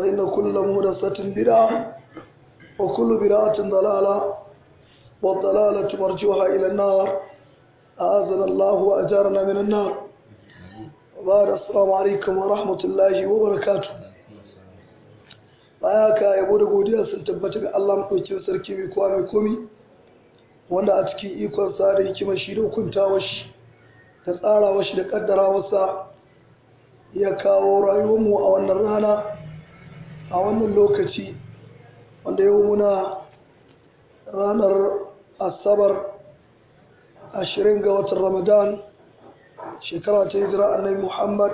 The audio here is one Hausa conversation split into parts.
فإن كل مهدسة بدعة وكل بدعة ضلالة والضلالة مرجوها إلى النار أعاذنا الله وأجارنا من النار وبعد السلام عليكم ورحمة الله وبركاته baya ka yabo da godiya sun tabbatar ga Allah maɗaukin sarki mai kowa mai komi wanda a cikin ikon sa da shi da hukuntawa shi da tsarawa shi da kaddarawa sa ya kawo rayuwar mu a wannan rana a wannan lokaci wanda yau muna ranar asabar ashirin ga watan ramadan shekara ta hijira annabi muhammad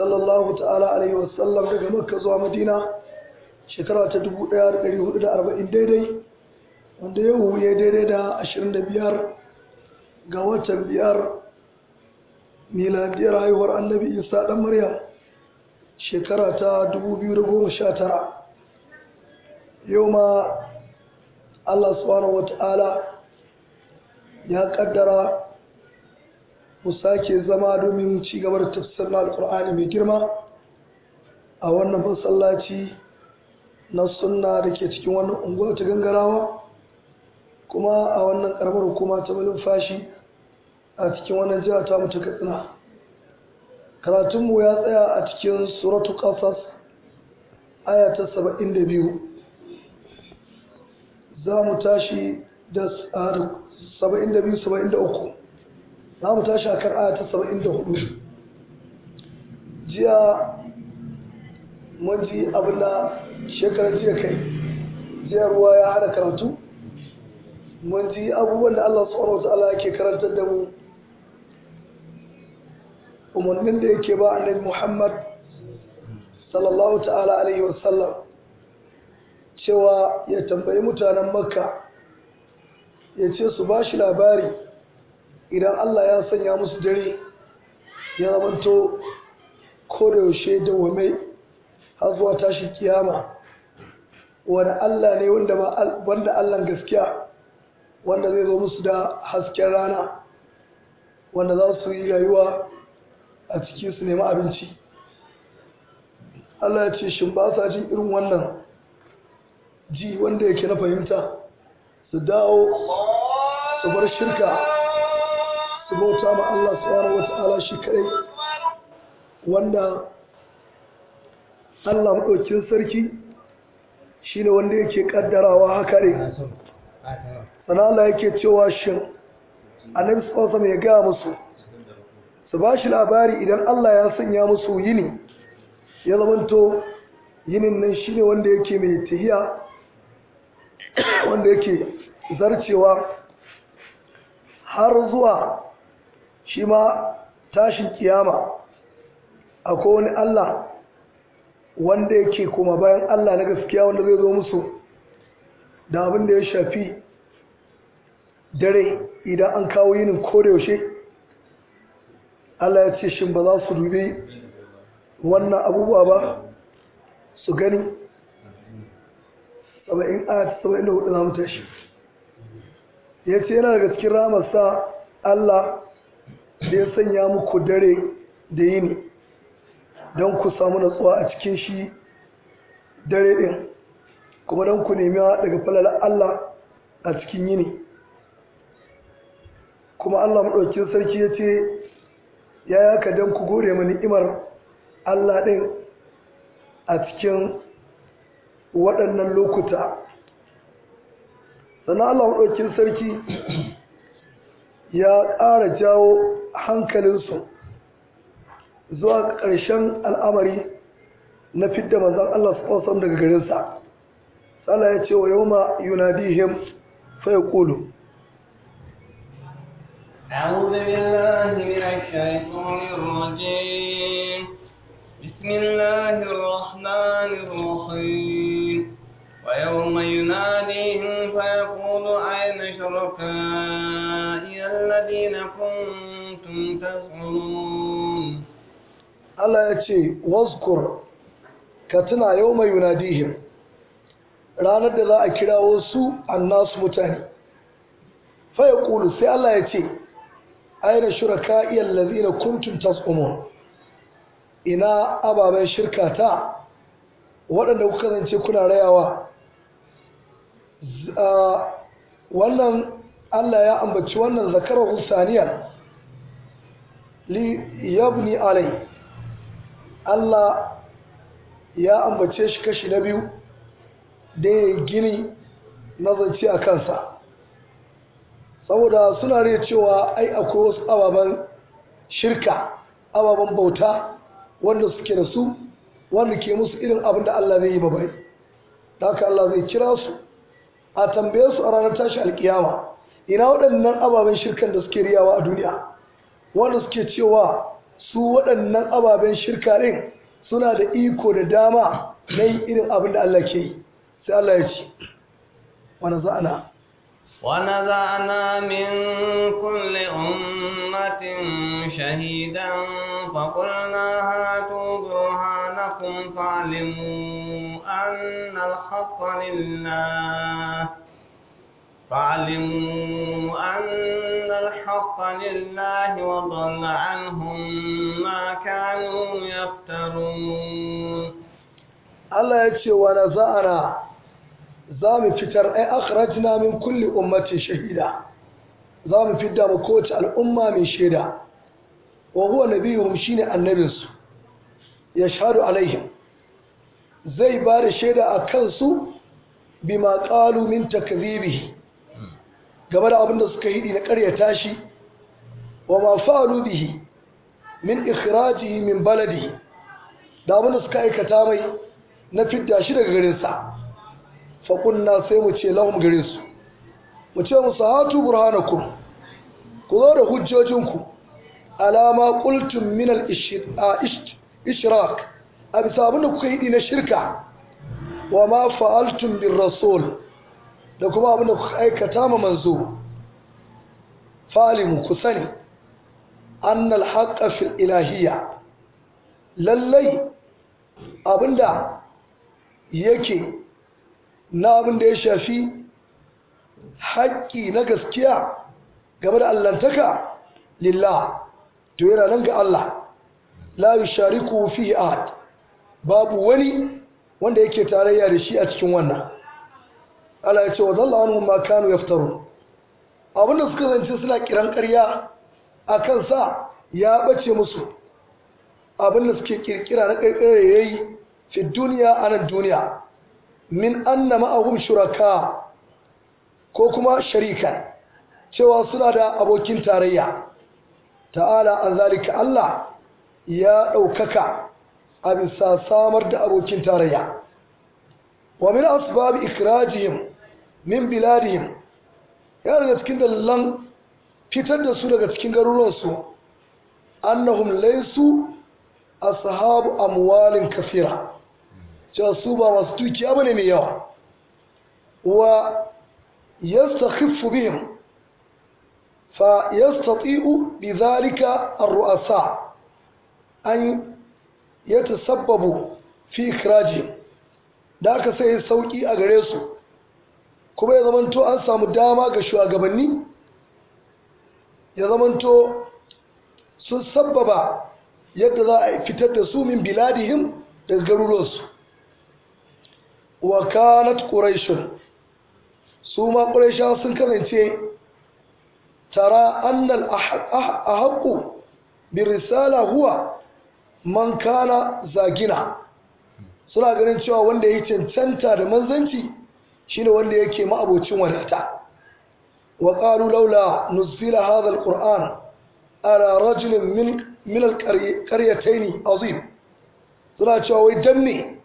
sallallahu ta'ala alaihi wasallam daga makka zuwa madina shekara ta 1440 daidai wanda yau ya daidai da 25 ga watan biyar miladiyar haihuwar annabi isa dan maryam shekara ta 2019 yau ma allah subhanahu wata'ala ya kaddara mu sake zama domin ci gaba da tafsirin alkur'ani mai girma a wannan masallaci na sunna da ke cikin wannan unguwa ta gangarawa kuma a wannan karamar hukuma ta malin a cikin wannan jiha ta mutu katsina karatunmu ya tsaya a cikin suratu ƙasas aya ta saba'in da biyu za mu tashi da saba'in da biyu saba'in da uku za mu tashi a kan aya ta saba'in da hudu jiya mun ji abin da shekarar jiya kai jiya ruwa ya hada karatu mun ji abubuwan da Allah Tsoron wa ta'ala ke karantar da mu umarnin da yake ba annabi Muhammad sallallahu ta'ala alaihi wasallam cewa ya tambayi mutanen makka ya ce su ba shi labari idan Allah ya sanya musu dare ya zamanto kodayaushe da har zuwa tashi kiyama wani Allah ne wanda Allah gaskiya wanda zai zo musu da hasken rana wanda za su yi rayuwa a ciki su nemi abinci Allah ya ce shin ba sa jin irin wannan ji wanda yake na fahimta su dawo su bar shirka su bauta ma Allah subhanahu wata'ala shi kadai wanda Allah maɗaukin sarki shi ne wanda yake ƙaddarawa haka ne sana'ala yake cewa shin annabi sallallahu ya gaya musu su ba shi labari idan Allah ya sanya musu yini ya zamanto yinin nan ne wanda yake mai tihiya wanda yake zarcewa har zuwa shi ma tashin kiyama akwai wani Allah wanda yake kuma bayan Allah na gaskiya wanda zai zo musu da abin da ya shafi dare idan an kawo yinin kodayaushe Allah ya ce shin ba za su dubi wannan abubuwa ba su gani saba'in ayat saba'in da hudu na mutu shi ya ce yana daga cikin ramarsa Allah da ya sanya muku dare da yini don ku samu natsuwa a cikin shi dare ɗin kuma don ku nemi daga falala Allah a cikin yini kuma Allah maɗaukin sarki ya ce ya yaka haka don ku gode mani imar Allah ɗin a cikin waɗannan lokuta sannan Allah sarki ya ƙara jawo hankalinsu zuwa ƙarshen al'amari na fidda manzan Allah su daga garinsa. Allah ya ce wa yau ma yunadihim fa أعوذ بالله من الشيطان الرجيم بسم الله الرحمن الرحيم ويوم يناديهم فيقول أين شركائي الذين كنتم تزعمون الله يأتي واذكر كتنا يوم يناديهم ranar da za a kirawo su annasu mutane faya ƙulu sai Allah ya ce aina shuraka'i allazina kuntum tasumun ina ababen shirka ta waɗanda kuka zance kuna rayawa wannan Allah ya ambaci wannan zakarar husaniyar li yabni alai Allah ya ambace shi kashi na biyu da ya gini na zance a kansa saboda suna rai cewa ai akwai wasu ababen shirka ababen bauta wanda suke da su wanda ke musu irin abin da Allah zai yi ba bai da haka Allah zai kira su a tambaye su a ranar tashi alkiyama ina waɗannan ababen shirkan da suke riyawa a duniya wanda suke cewa su waɗannan ababen shirka ɗin suna da iko da dama na yi irin abin da Allah ke yi sai Allah ya ce wani za'ana ونزعنا من كل أمة شهيدا فقلنا هاتوا برهانكم فاعلموا أن الحق لله فاعلموا أن الحق لله وضل عنهم ما كانوا يفترون الله يكشي ونزعنا za mu fitar ai akhrajna min kulli ummatin shahida za mu fidda mu kowace al'umma mai shaida wa huwa nabiyuhum shine annabinsu yashhadu alaihim zai ba da shaida a kansu bima qalu min takdhibihi game da abin da suka hidi na ƙaryata shi wa ma fa'alu bihi min ikhrajihi min baladihi da abin da suka aikata mai na fidda shi daga garinsa fakunna sai mu ce lahum gare su mu ce musu hatu burhanakum ku zo da hujjojinku alama qultum min al ishrak a bisa abin da kuka yi na shirka wa ma fa'altum bin rasul da kuma abin da kuka aikata ma manzo falimu ku sani annal haqqa fil ilahiyya lallai abinda yake na abin da ya shafi haƙƙi na gaskiya gaba da allantaka lillah to yana nan ga Allah la yushariku fi ahad babu wani wanda yake tarayya da shi a cikin wannan Allah ya ce wa zalla wani ma kanu yaftarun abinda suka zance suna kiran ƙarya a kansa ya ɓace musu abinda suke kirkira na ya yayi fi duniya anan duniya min anna ma'ahum shuraka ko kuma sharika cewa suna da abokin tarayya ta'ala an zalika Allah ya ɗaukaka a bisa samar da abokin tarayya wa min asbab ikirajihim min biladihim ya daga cikin dalilan fitar da su daga cikin garuruwansu annahum laysu ashabu amwalin kafira cewa su ba masu dukiya bane mai yawa wa khifu bihim fa yastati'u bidhalika ar-ru'asa an yatasabbabu fi kiraji da aka sai sauki a gare su kuma ya zamanto an samu dama ga shugabanni ya zamanto sun sabbaba yadda za a fitar da su min biladihim daga garuruwarsu wa kanat suma su ma sun kasance tara annal ahqqu ah, bir risala huwa man kana zagina suna ganin cewa wanda ya cancanta da manzanci shine wanda yake ma'abocin wadata wa laula nuzila hadal alquran ala rajulin min min alqaryatayn azim suna cewa wai dan me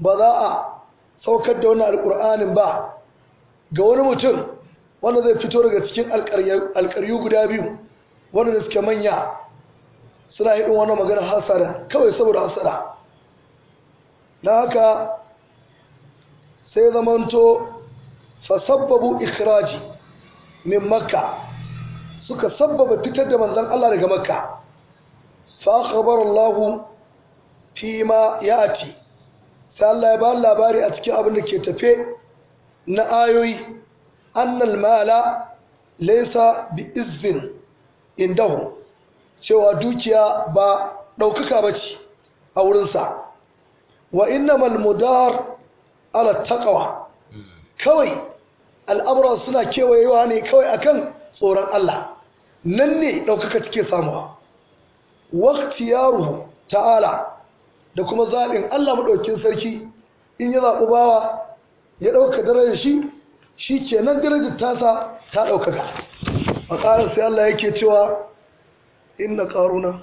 ba za a saukar da wani alƙur'anin ba ga wani mutum wanda zai fito daga cikin alƙaryu guda biyu wanda da suke manya suna yi ɗin wani maganar hasara kawai saboda hasara na haka sai zamanto fasabbabu ikiraji min makka suka sabbaba fitar da manzan Allah daga makka fa khabar Allah fi ma ya'ti sai Allah ya ba labari a cikin abin da ke tafe na ayoyi annal mala laisa bi izzin indahu cewa dukiya ba ɗaukaka ba ce a wurinsa wa innamal mudar ala taqwa kawai al'amuran suna kewayewa ne kawai akan tsoron Allah nan ne ɗaukaka take samuwa waqtiyaru ta'ala da kuma zaɓin Allah maɗaukin sarki in ya zaɓi bawa ya ɗauka darajar shi shi ke nan darajar tasa ta ɗaukaka a ƙarar sai Allah yake cewa inna ƙaruna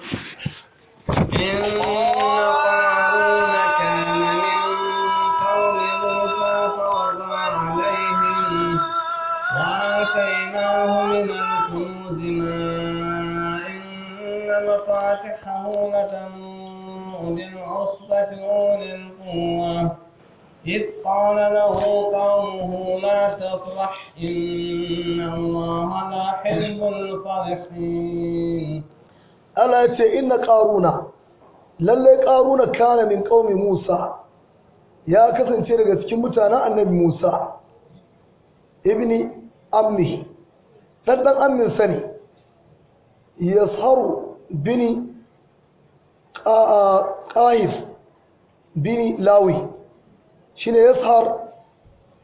وآتيناه تستطيعون القوة إذ قال له قومه لا تفرح إن الله لا حلم الفرحين ألا يتي إن ƙaruna kana min ƙaumi musa ya kasance daga cikin mutanen annabi musa ibni ammi ɗanɗan ammin sani ya bini ƙahir Bini lawi shi ne yashar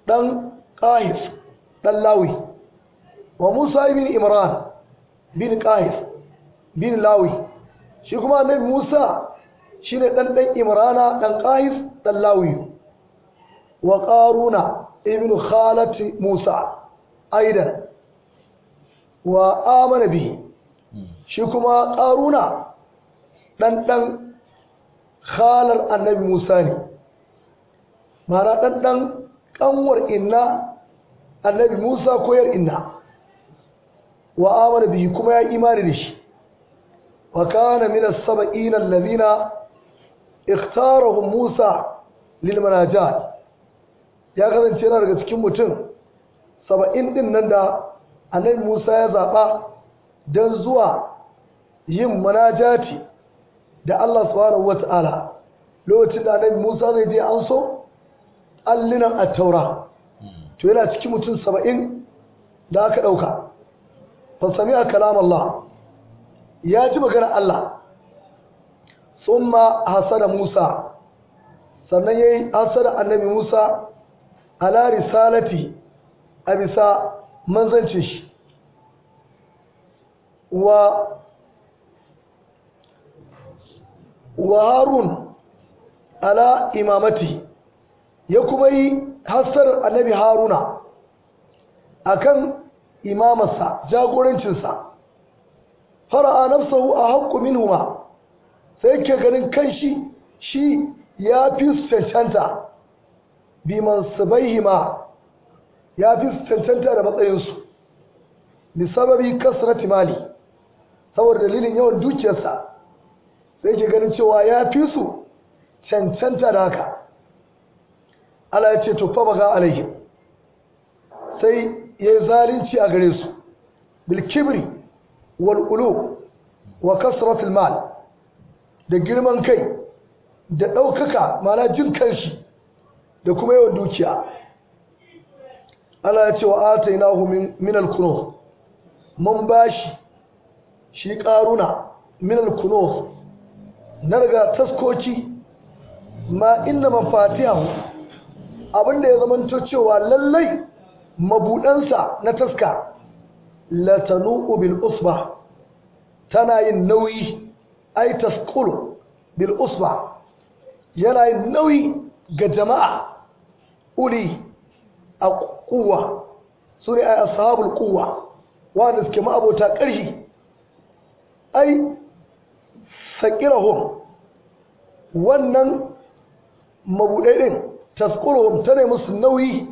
ɗan ƙahis ɗan lawi wa musa Bini imran bin ƙahis bin lawi shi kuma annabi musa shine dan dan imrana ɗan ƙahis ɗan lawi wa qaruna ibn khalati musa aidan wa amana bihi hmm. shi kuma ƙaruna dan dan khalar annabi musa ne mara ɗanɗan ƙanwar inna annabi musa koyar inna wa amana bihi kuma ya imani da shi wa kana min as-sab'ina alladhina ikhtarahum musa lil manajat ya kasance yana daga cikin mutum saba'in din nan da annabi musa ya zaɓa Dan zuwa yin manajati da Allah subhanahu wata'ala lokacin da annabi Musa zai je an so allinan at-taura to yana cikin mutum saba'in da aka ɗauka fasami a kalam Allah ya ji magana Allah summa hasada Musa sannan ya yi hasada annabi Musa ala risalati a bisa manzancin shi wa wa harun ala imamati ya kuma yi hassarar annabi haruna akan imamarsa jagorancinsa fara'a nafsahu a haƙƙu minhuma sai ke ganin kan shi ya fi su cancanta biman ya fi su cancanta da matsayinsu lisababi kasrati kasratimali saboda dalilin yawan dukiyarsa sai ke ganin cewa ya fi su cancanta da haka Allah ya ce to fa ga alaihim sai yayi zalunci a gare su Bilkibri, Wal'ulu, wa kasratul mal da girman kai da ɗaukaka mana jin kanshi da kuma yawan dukiya Allah ya ce wa atainahu min al kunuh mun bashi shi ƙaruna min al na riga taskoci ma inna mafatihahu abinda ya zamanto cewa lallai mabudansa na taska latanu'u bil usba tana yin nauyi ai taskulu bil usba yana yin nauyi ga jama'a uli a kuwa su ne ai ashabul kuwa wanda suke ma'abota ƙarfi ai saƙirahum wannan mabuɗai ɗin ta ne musu nauyi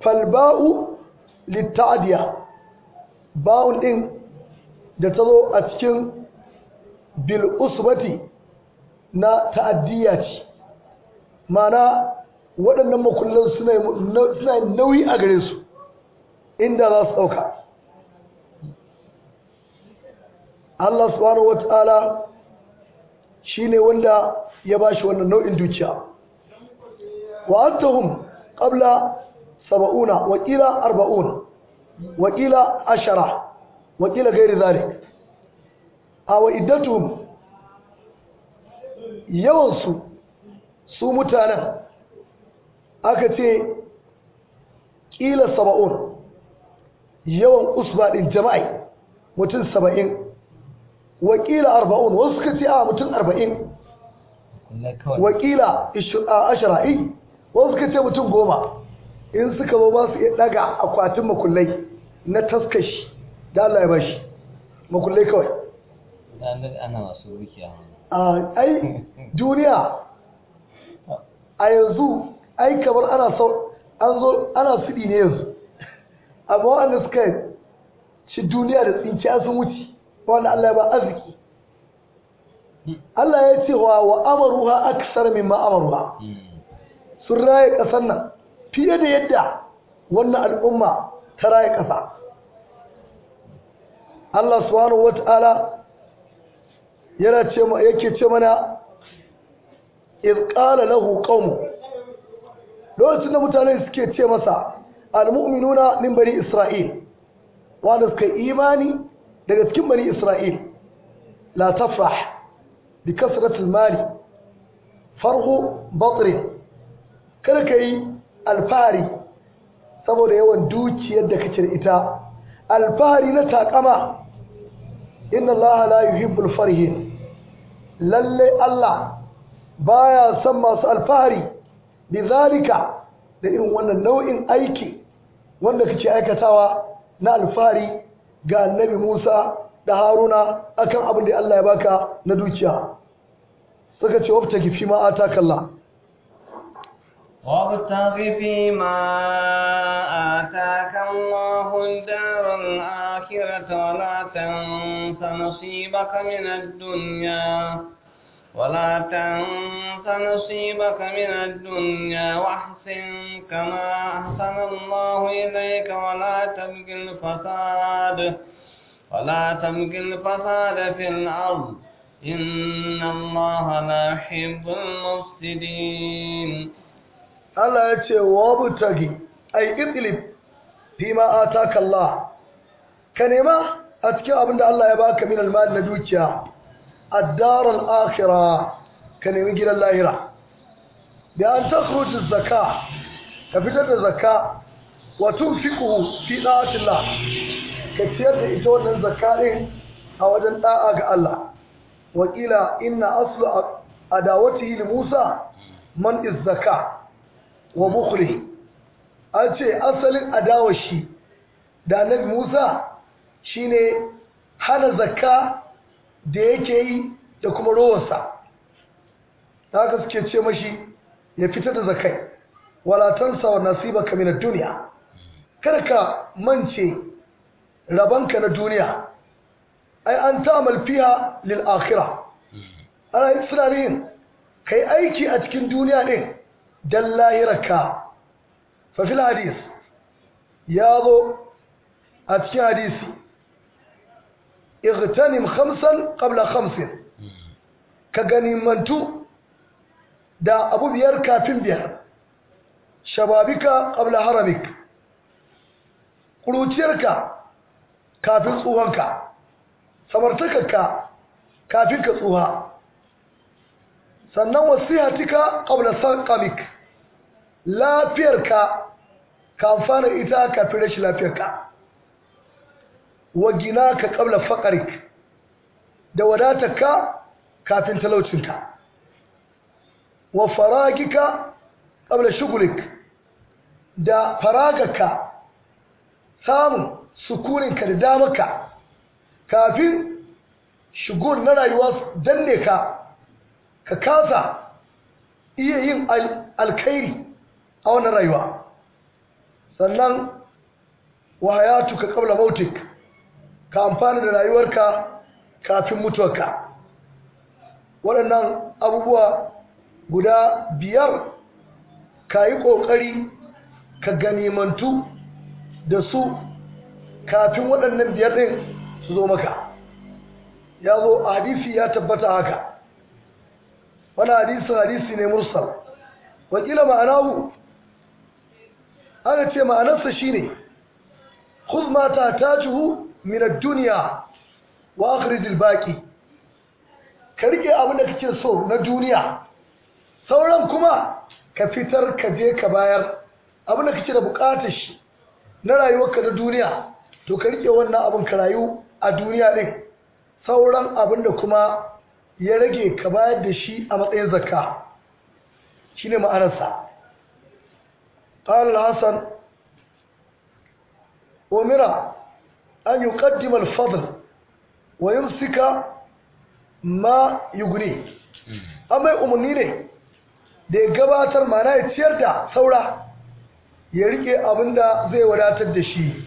falba'u littadiya ba'un ɗin da ta zo a cikin bil'usbati na ta'addiya ce mana waɗannan makullan suna nauyi a gare su inda za su ɗauka Allah subhanahu wataala shine wanda ya bashi wannan nau'in dukiya wa antahum qabla 70 wa qila 40 wa qila 10 wa qila ghairi iddatuhum su mutanen aka ce qila 70 yawan usba din jama'i mutum 70 wakila arba'un wasu suka ce a ah, mutum arba'in wakila ah, ashara'i eh, wasu suka ce mutum goma in suka zo ba su iya daga akwatin makullai na taskashi da Allah ya bashi makullai kawai ana masu a ah, ai duniya a yanzu ai kamar ana sau an zo ana sidi ne yanzu amma wanda suka ci duniya da an sun wuce ba wanda Allah ya ba arziki Allah ya ce wa wa amaruha aksar min amaruha sun raye ƙasar nan fiye da yadda wannan al'umma ta raye ƙasa Allah subhanahu wata'ala yake ce mana ƙara lahu qaumu lokacin da mutane suke ce masa al-mu'minuna min bani isra'il wanda suka imani daga cikin bani isra'il la tafrah bi kasratil mali farhu batri kada ka yi alfahari saboda yawan dukiyar da kake da ita alfahari na takama inna allaha la yuhibbul farihin lalle allah baya son masu alfahari bi zalika da irin wannan nau'in aiki wanda kake aikatawa na alfahari ga annabi Musa da Haruna akan abin da Allah ya baka na dukiya suka ce wabta kifi ma ata kalla وابتغ فيما آتاك الله الدار الآخرة ولا تنس نصيبك من الدنيا ولا تنس نصيبك من الدنيا واحسن كما احسن الله اليك ولا تبقي الفساد ولا تبقي الفساد في الارض ان الله لا يحب المفسدين الله يتي وابتغي اي اقلب فيما اتاك الله كلمه اتكي ابن الله يباك من المال ندوك الدار الآخرة كان يمجل الله يرى بأن تخرج الزكاة كفتة الزكاة وتنفقه في طاعة الله كثير إتوان الزكاة أو جن طاعة الله وقيل إن أصل أداوته لموسى من الزكاة وبخله ألتي أصل أداوشي da annabi Musa shine hana zakka da yake yi da kuma rowansa. da haka suke ce mashi ya fitar da zakai walatansa wa nasiba ka minar duniya ka mance rabanka na duniya ai an ta'amal fiha lil akhirah ana yin tunanin kai aiki a cikin duniya din dan lahirarka fa hadis ya zo a cikin hadisi Irtani khamsan qabla khamsin ka ganimantu da abu biyar kafin biyar shababika qabla haramik kuruciyarka kafin tsuhonka samartakarka kafin ka tsuha sannan wasihatika qabla sanqamik lafiyarka ka amfana ita kafin rashin lafiyarka wa gina ka ƙabla faƙarik da wadatarka kafin talaucinka wa faragika ƙabla shugulik da faragaka samun sukuninka da damarka kafin shugul na rayuwa danne ka ka kasa iya yin alkairi a wannan rayuwa sannan wa hayatu ka ƙabla mautik ka amfana da rayuwarka kafin mutuwarka waɗannan abubuwa guda biyar ka yi ƙoƙari ka ganimantu da su kafin waɗannan biyar ɗin su zo maka ya zo a hadisi ya tabbata haka wani hadisi hadisi ne mursal wakila hu ana ce ma'anarsa shine ne ma ta jihu. min duniya dunya wa akhrij al-baqi ka rike abin da kake so na duniya sauran kuma ka fitar ka je ka bayar abin da kake da bukatar shi na rayuwarka na duniya to ka rike wannan abin ka rayu a duniya din sauran abin da kuma ya rage ka bayar da shi a matsayin zakka shine ma'anarsa qala al-hasan umira an yuqaddima al-fadl wa yumsika ma yugni amma umarni ne da ya gabatar mana ya ciyar da saura ya rike abinda zai wadatar da shi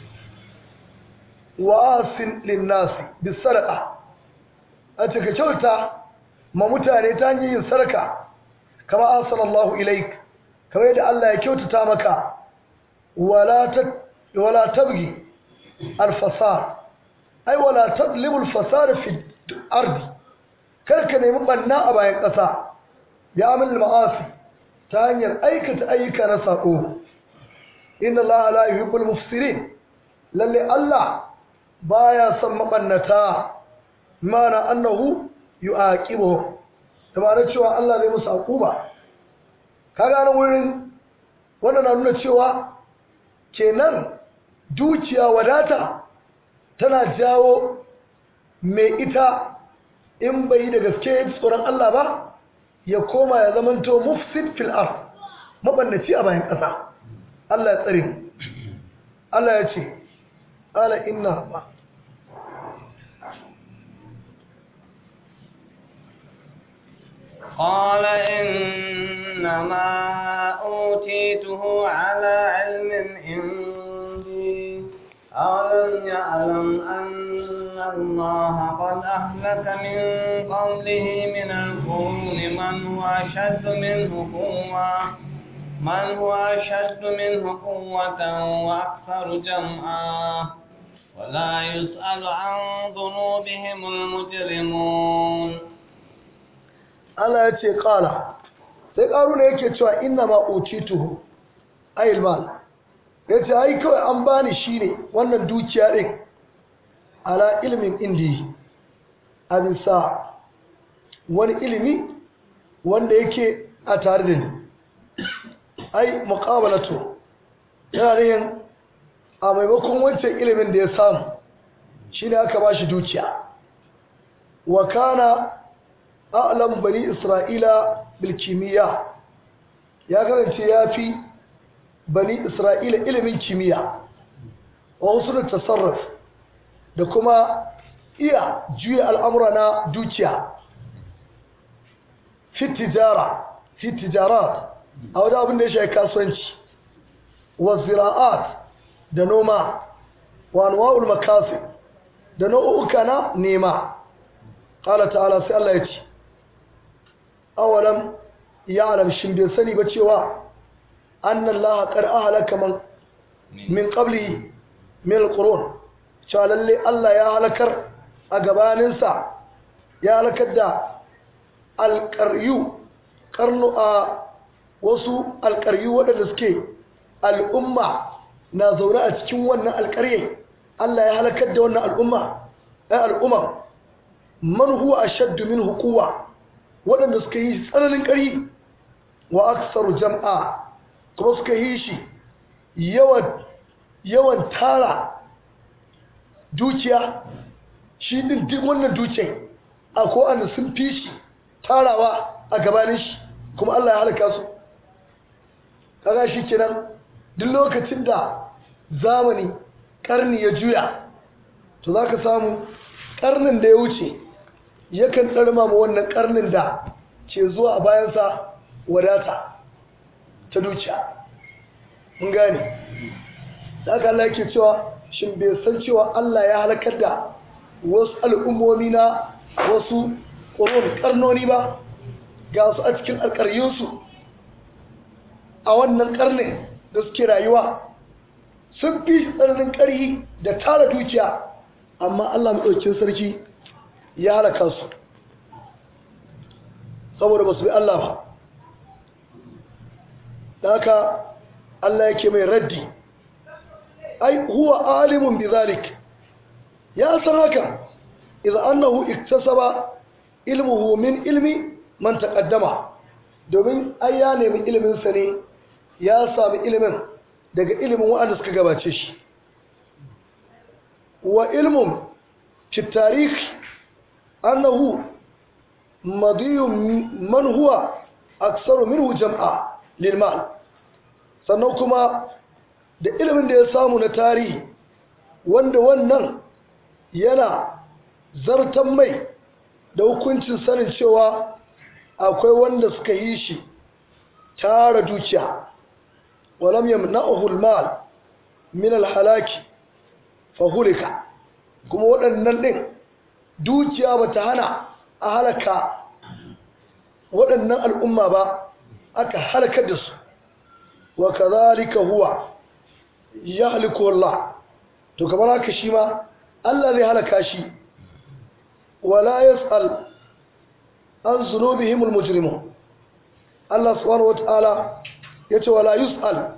wa asin linnasi bis a cika kyauta ma mutane ta yin sarƙa kama asalallahu ilaik kamar yadda Allah ya kyautata maka wala tabgi alfasa ai wala tatlibul fasada fi ardi kar ka nemi banna a bayan ƙasa ya amil ma'asi ta hanyar aikata ayyuka na sako inna allaha la yuhibbul mufsirin lalle allah baya son mabannata mana annahu yu'aqibu da ba cewa allah zai musu akuba ka gane wurin wannan na nuna cewa kenan dukiya wadata tana jawo mai ita in bai da gaske tsoron Allah ba ya koma ya zamanto mufsid fil ard mabannaci a bayan ƙasa Allah ya tsare Allah ya ce ala inna ba قال إنما أوتيته على علم إن أولم يعلم أن الله قد أهلك من قبله من القرون من هو أشد منه قوة من هو أشد منه قوة وأكثر جمعا ولا يسأل عن ذنوبهم المجرمون ألا ya تقالوا ƙala sai إنما أوتيته أي cewa ya ce ai kawai an bani shi ne wannan dukiya ɗin ala ilimin indi a bisa wani ilimi wanda yake a tare da ni ai muqabalatu yana yin a maimakon wancan ilimin da ya samu shi ne aka ba shi dukiya Wakana kana a'lam bani isra'ila Bilkimiyya ya kasance ya fi bani isra'ila ilimin kimiyya wa da tasarraf da kuma iya juya al'amura na dukiya fitijara fitijara a wajen abin da ya shaye kasuwanci wa zira'at da noma wa anwa'ul makasi da nau'uka na nema qala ta'ala sai Allah ya ce awalam ya alam shin bai sani ba cewa an Allah kar ahalaka man min ƙabli min alqurun cewa lalle Allah ya halakar a gabaninsa ya halakar da alƙaryu karnu a wasu alƙaryu waɗanda suke al'umma na zaune a cikin wannan alƙarye Allah ya halakar da wannan al'umma ɗan al'umma man huwa ashaddu min hukuwa waɗanda suka yi tsananin ƙari wa aksaru jam'a kuma suka yi shi yawan tara dukiya shi duk wannan dukiyar a ko'anda sun fi shi tarawa a gabanin shi kuma Allah ya halaka su kaga shi kenan duk lokacin da zamani karni ya juya to za ka samu karnin da ya wuce yakan tsarmama wannan karnin da ke zuwa bayansa wadata ta dukiya mun gane da Allah yake cewa shin bai san cewa Allah ya halakar da wasu al'ummomi na wasu ƙoron ƙarnoni ba ga su a cikin alƙaryunsu a wannan ƙarnin da suke rayuwa sun fi tsananin ƙarhi da tara dukiya amma Allah maɗaukin sarki ya halaka su saboda ba su bi Allah ba daka Allah yake mai raddi ai huwa alimun bizalik ya san haka idza annahu iktasaba ilmuhu min ilmi man taqaddama domin ai ya nemi ilimin sa ne ya samu ilimin daga ilimin wanda suka gabace shi wa ilmun fi tarikh annahu madiyun man huwa aksaru minhu jam'a lilmal sannan kuma da ilimin da ya samu na tarihi wanda wannan yana zartan mai da hukuncin sanin cewa akwai wanda suka yi shi tara dukiya walam yamna'uhu almal min alhalaki fahulika kuma waɗannan ɗin dukiya ba ta hana a halaka waɗannan al'umma ba aka halakar da su wa kadhalika huwa yahliku Allah to kamar haka shi ma Allah zai halaka shi wala yas'al an zunubihim almujrimun Allah subhanahu wataala yace wala yus'al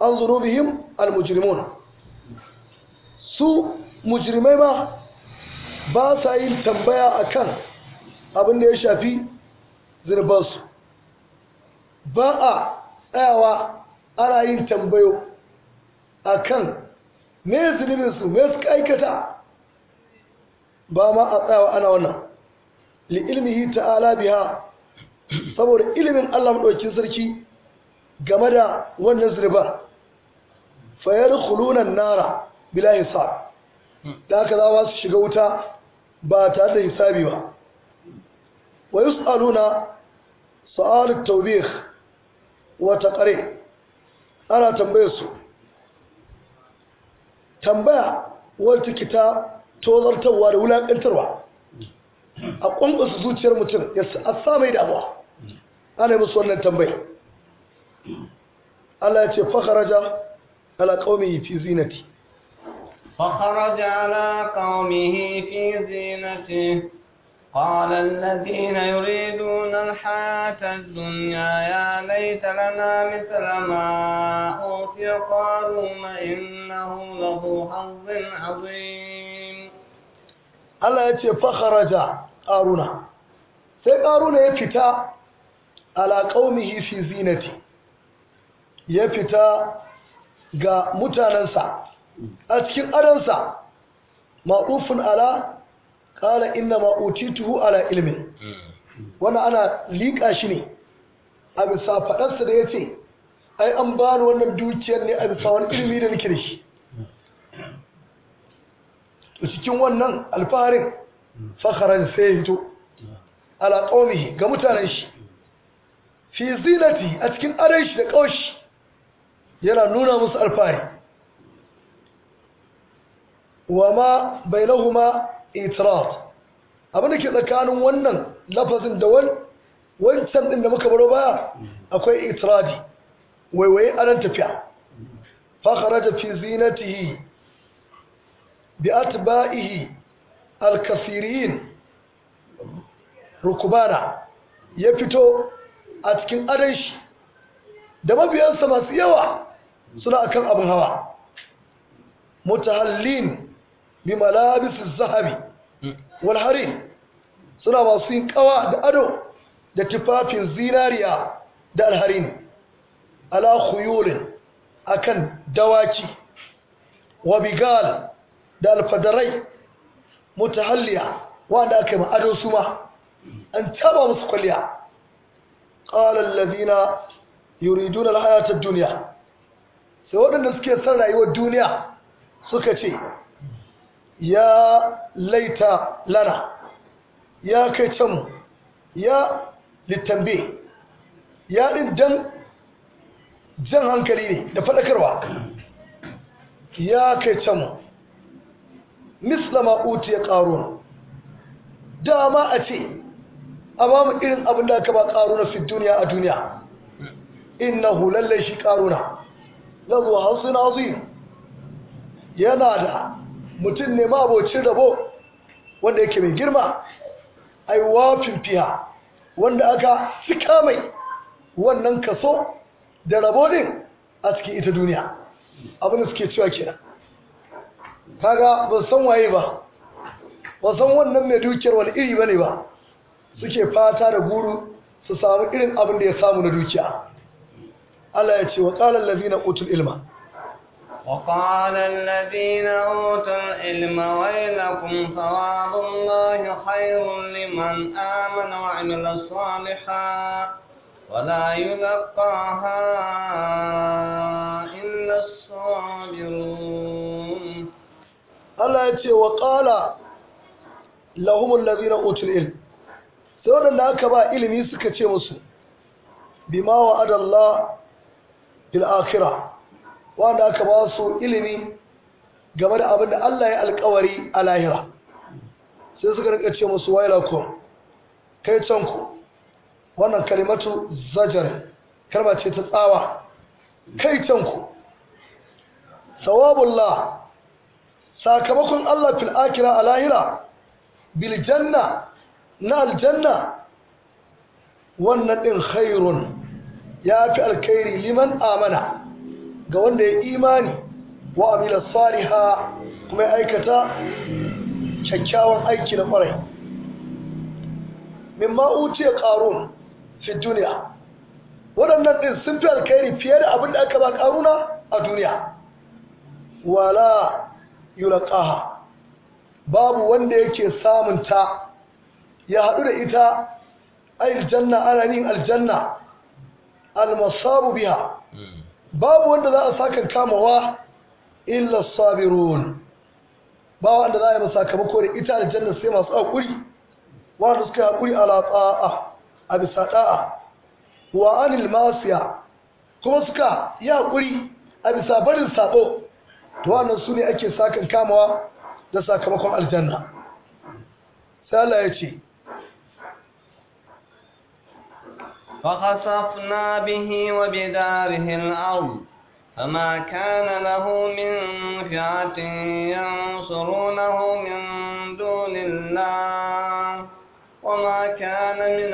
an zunubihim almujrimun su mujrimai ma ba sa yin tambaya akan abin da ya shafi zunubansu ba a tsayawa ana yin tambayo a kan me su me suka aikata ba ma a tsayawa ana wannan li'ilmihi ta'ala biha saboda ilimin Allah maɗauki sarki game da wannan zurbar fayar hulunan nara bila hisab da aka za su shiga wuta ba tare da hisabi ba wa yi su'aluna sa'alut taubih wata ƙare ana tambayar su tambaya wata kita tozartarwa da wulaƙantarwa a ƙwanƙwasa zuciyar mutum ya sa mai damuwa ana yi musu wannan tambaye Allah ya ce fakharaja ala qaumi fi zinati fakharaja ala qaumi fi zinati قال الذين يريدون الحياة الدنيا يا ليت لنا مثل ما أوتي قارون إنه له حظ عظيم الله يتي فخرج قارون سي قارون يفتا على قومه في زينته يفتا ga mutanensa a cikin ما اوفن ala Ƙara inna ma tuhu ala ilmin hmm. wannan ana liƙa shi ne a bisa faɗarsa da ya ce ai an ba ni wannan dukiyar ne a bisa wani ilmi da nake da shi to cikin wannan alfaharin fakharan sai hito ala qaumihi ga mutanen shi fi zinati a cikin adan shi da ƙaushi. yana nuna musu alfahari wa ma bainahuma itirar abin da ke tsakanin wannan lafazin da wancan din da muka baro baya akwai itiradi waiwaye anan tafiya da fi zinatihi bi atba'ihi alkasirin rukubana ya fito a cikin adan shi da mabiyansa masu yawa suna akan abin hawa mutahallin bi malabisin zahabi Walhari suna masu yin kawa da ado da tufafin zinariya da alharin ala khuyulin akan dawaki wa bigal da alfadarai mutahalliya wanda aka yi ado su ma an taba musu kwalliya ƙalar lazina yuridun alhayatar duniya sai waɗanda suke son rayuwar duniya suka ce ya laita lana ya kai can ya littambe ya ɗin jan hankali ne da faɗakarwa ya kai can mislama uti ya ƙaro dama a ce a ba mu irin abin da aka ba ƙaro na fi duniya a duniya ina hulallai shi ƙaro na lazuwa hausu na yana da mutum ne ma abocin rabo wanda yake mai girma ai wafin wanda aka cika mai wannan kaso da rabo din a cikin ita duniya abin da suke cewa kenan kaga ba san waye ba ba san wannan mai dukiyar wani iri ba ne ba suke fata da guru su samu irin abin da ya samu na dukiya Allah ya ce wa ƙalar na utul ilma وقال الذين أوتوا العلم ويلكم ثواب الله خير لمن آمن وعمل صالحا ولا يلقاها إلا الصابرون Allah ya ce wa ƙala lahumun lazina otul ilm sai waɗanda aka ba ilimi suka ce musu bima wa adalla bil wanda aka ba su ilimi game da abin da Allah ya alkawari a lahira sai suka rika ce musu wailakum kai ku. wannan kalimatu zajar kalma ce ta tsawa kai ku. sawabullah sakamakon Allah fil akira a lahira bil janna na aljanna wannan din khairun ya fi alkhairi liman amana ga wanda ya imani wa amila saliha kuma ya aikata kyakkyawan aiki na kwarai ma'uti ya qarun fi duniya waɗannan ɗin sun fi alkhairi fiye da abin da aka ba karuna a duniya wala yulqaha babu wanda yake samun ta ya haɗu da ita aljanna ana yin aljanna almasabu biha hmm. babu wanda za a saka kamawa illa sabirun ba wanda za a yi masa sakamako da ita aljanna sai masu haƙuri wanda suka yi haƙuri ala ta'a a bisa ɗa'a wa anil masiya kuma suka yi haƙuri a bisa barin sabo to wannan su ne ake sakan kamawa da sakamakon aljanna sai Allah ya ce فخسفنا به وبداره الأرض فما كان له من فئة ينصرونه من دون الله وما كان من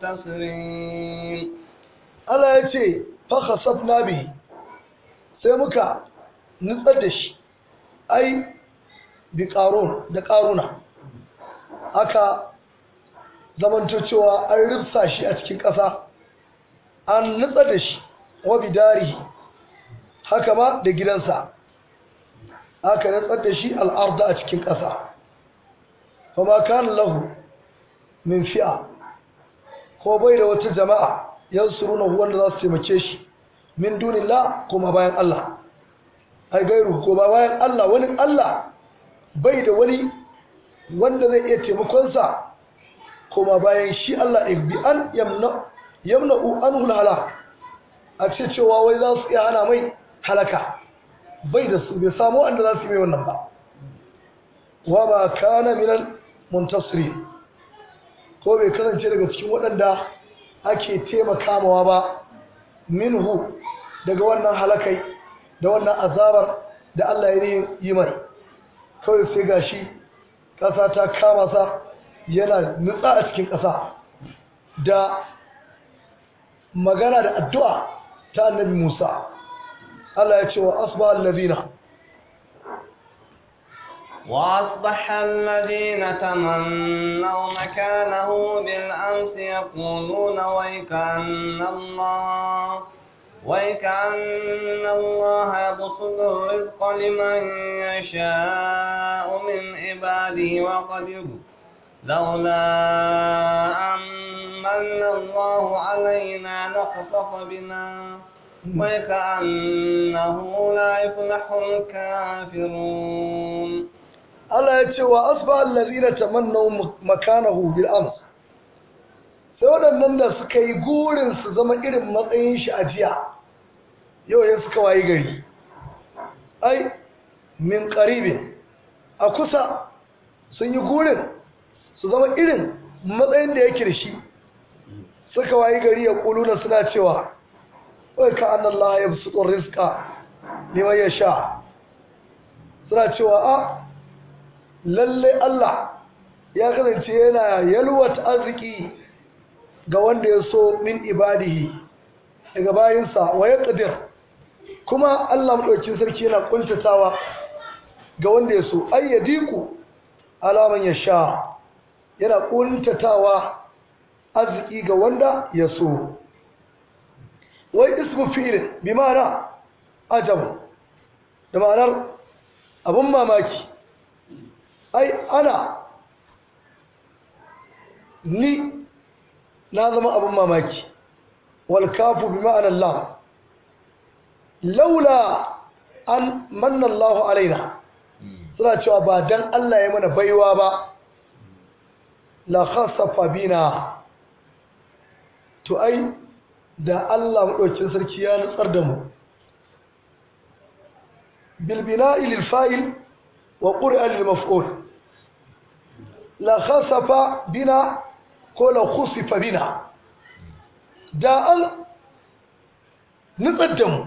المنتصرين Allah ya فخسفنا به nabi sai أي بقارون da أكا zamanto cewa an rufsa shi a cikin ƙasa an nutsa da shi wa haka ma da gidansa aka nutsa da shi al'arda a cikin ƙasa ba ma kan lahu min fi'a ko bai da wata jama'a suruna wanda za su taimake shi min dunillah kuma bayan Allah ai gairu ko ba bayan Allah wani Allah bai da wani wanda zai iya taimakonsa kuma bayan shi Allah ɗin bi an yamna'u an hulala a ce cewa wai za su iya hana mai halaka bai da su bai samu wanda za su mai wannan ba wa ba kana minan muntasiri ko bai kasance daga cikin waɗanda ake taimaka mawa ba minhu daga wannan halakai da wannan azabar da Allah ya yi mai kawai sai gashi ƙasa ta kama sa yana nutsa a cikin ƙasa da magana da addu'a ta annabi Musa Allah ya ce wa asba allazina وأصبح الذين تمنوا مكانه بالأمس يقولون ويكأن الله ويكأن الله يبسط الرزق لمن يشاء من عباده وقدره لولا أمن الله علينا لخسف بنا وكأنه لا يفلح الكافرون Allah ya ce wa asba allazina tamannaw makanahu bil ams sai waɗannan da suka yi gurin su zama irin matsayin shi a jiya yau ya suka wayi gari ai min qaribin a kusa sun yi gurin su zama irin matsayin da yake da shi suka wayi gari ya kuluna suna cewa wai ka annan Allah ya fi riska liman ya sha suna cewa a lalle Allah ya kasance yana yalwata arziki ga wanda ya so min ibadihi daga bayansa wa ya ƙadir kuma Allah maɗaukin sarki yana ƙuntatawa ga wanda ya so ku alaman ya sha yana kuntatawa arziki ga wanda ya so wai ismu filin bi ma'ana ajabu da ma'anar abun mamaki ai ana ni na zama abun mamaki wal kafu bi ma'anar lam laula an manna Allahu alaina hmm. suna cewa ba dan Allah ya mana baiwa ba la khasafa bina to ai da Allah madaukin sarki ya nutsar da mu bil bina'i lil wa qur'a lil maf'ul la bina ko la bina da an nutsar da mu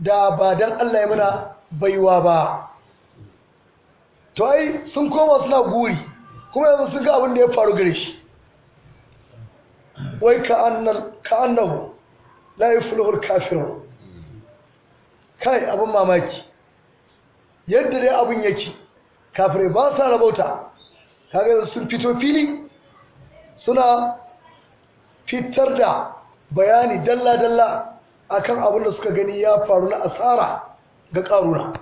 da ba dan Allah ya muna baiwa ba to ai sun koma suna guri kuma yanzu sun ga abin da ya faru gare shi wai ka annahu la fulhul kafirun kai abin mamaki yadda dai abin yake kafirai ba sa rabauta kaga sun fito fili suna fitar da bayani dalla-dalla a kan abin da suka gani ya faru na asara ga karuna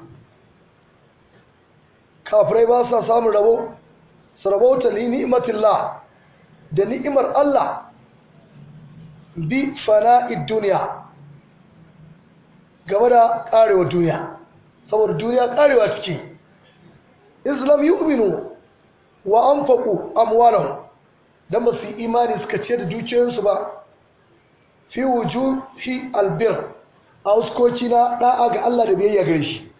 kafirai ba sa samun rabo sarabauta li ni'matillah da ni'imar Allah bi fana'id duniya gaba da karewa duniya saboda duniya karewa take islam yu'minu wa anfaqu amwalahum dan ba su imani suka ce da dukiyarsu ba fi wujuhi albir a huskoci na da'a ga Allah da biyayya gare shi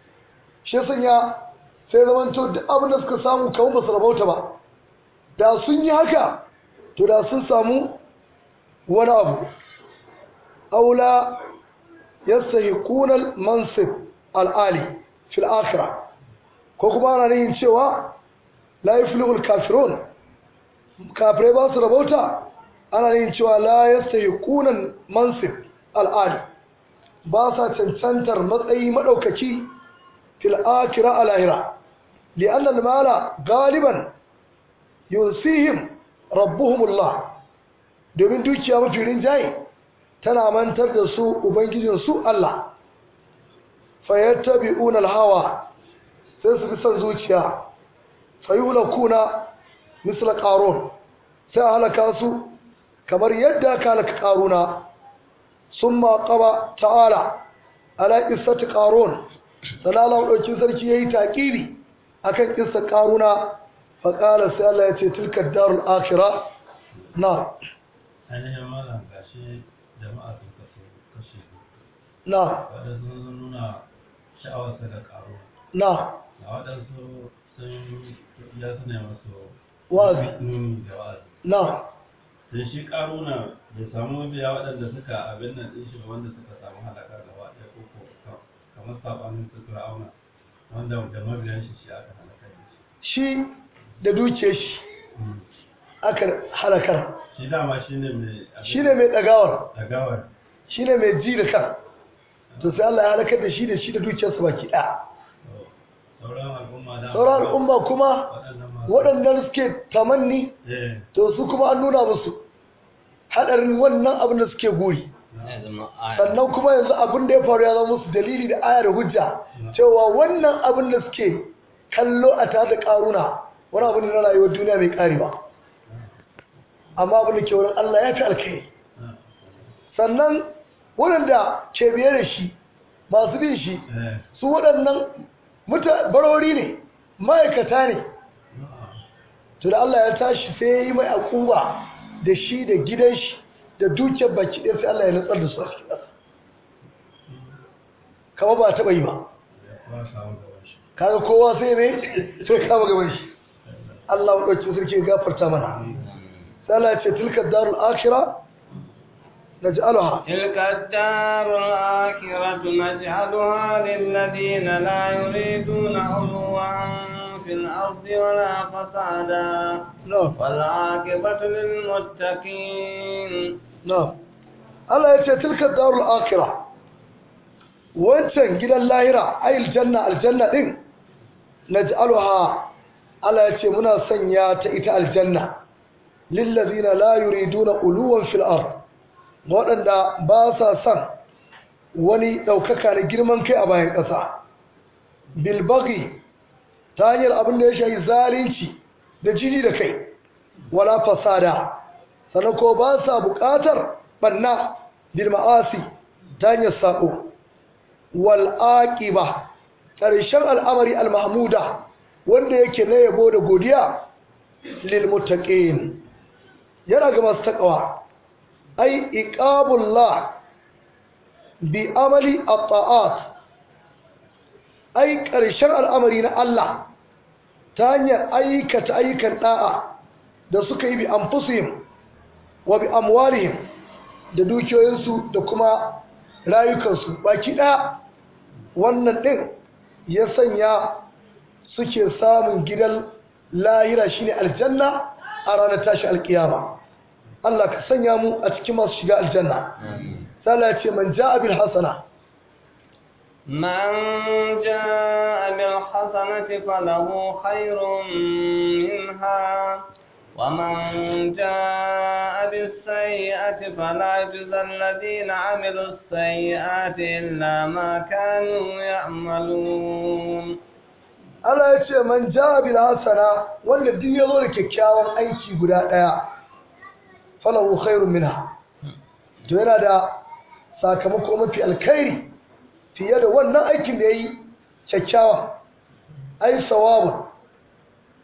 shi sun ya sai to duk abin da suka samu kawo ba su rabauta ba da sun yi haka to da sun samu wani abu aula ya sayi kunan mansif al'ali fil akira ko kuma ana yin cewa la yuflihul kafirun kafirai ba su rabauta ana yin cewa la ya sayi kunan mansif al'ali ba sa cancantar matsayi madaukaki fil akira a lahira لأن galiban غالبا yunsihim rabbuhumullah domin dukiya mafi rinjaye tana mantar da su ubangijinsu Allah fayattabi'una hawa sai su fi son zuciya fayulakuna misla qarun sai halaka su kamar yadda aka ƙaruna, qaruna summa qaba ta'ala ala qissati qarun sanala dauki sarki yayi taƙiri. akan isa karuna fa qala sai Allah ya ce tilka darul akhira na ainihin malam gashi jama'a sun kaso kashi na waɗansu sun nuna sha'awarsa ga karuna na na waɗansu sun ya suna masu wazi da wazi na sai shi na bai samu biya waɗanda suka abin nan ɗin shi wanda suka samu halaka gaba ɗaya ko kamar saɓanin su fir'auna shi da dukiyar shi hmm. aka halakar shi ne mai dagawar shi ne mai ji da kan to sai Allah ya halakar da shi da shi da dukiyarsa baki ɗaya sauran al'umma kuma waɗannan suke tamanni eh. to su kuma an nuna musu haɗarin wannan abin da suke guri sannan kuma yanzu abin da ya faru ya zama musu dalili da aya da hujja cewa wannan abin da suke kallo a tare da karuna wani abin da na rayuwar duniya mai karewa amma abin da ke wurin Allah ya fi sannan waɗanda ke biye da shi masu bin shi su waɗannan barori ne ma'aikata ne to da Allah ya tashi sai ya yi mai akuba da shi da gidan shi da dukiyar baki ɗaya sai Allah ya nutsar da su a cikin ƙasa kama ba taɓa yi ba kaga kowa sai ne sai kama gaban shi Allah ya ɗauki sarki ya gafarta mana sai Allah ya ce tilka darul akhirah نجعلها تلك الدار الآخرة نجعلها للذين لا يريدون علوا في الأرض ولا فسادا والعاقبة للمتقين na Allah ya ce tilka darul Akira wancan gidan lahira ayil janna aljanna din naj'aluha Allah ya ce muna sanya ta ita aljanna Lillazi lillazina la yuriduna uluwan fil waɗanda ba sa son wani ɗaukaka na girman kai a bayan ƙasa bilbagi ta hanyar abin da ya shahi zalunci da jini da kai wala fasada sannan ko ba sa buƙatar banna bil ma'asi ta hanyar saƙo wal aqiba ƙarshen al'amari al mahmuda wanda yake na yabo da godiya lil muttaqin yana ga masu taƙawa. ai iqabullah bi amali at-ta'at ai ƙarshen al'amari na Allah ta hanyar aikata ayyukan ɗa'a da suka yi bi anfusihim wa bi amwalihim da dukiyoyinsu da kuma rayukansu baki ɗaya wannan ɗin ya sanya suke samun gidan lahira shine aljanna a ranar tashi alkiyama Allah ka sanya mu a cikin masu shiga aljanna sala ce man ja bil hasana man ja'a bil hasanati falahu khairun minha ومن جاء بالسيئة فلا يجزى الذين عملوا السيئات إلا ما كانوا يعملون Allah ya ce man ja bil hasana wanda duk ya zo da kyakkyawan aiki guda ɗaya falahu khairun minha to yana da sakamako mafi alkhairi fiye da wannan aikin da yayi kyakkyawa ai sawabun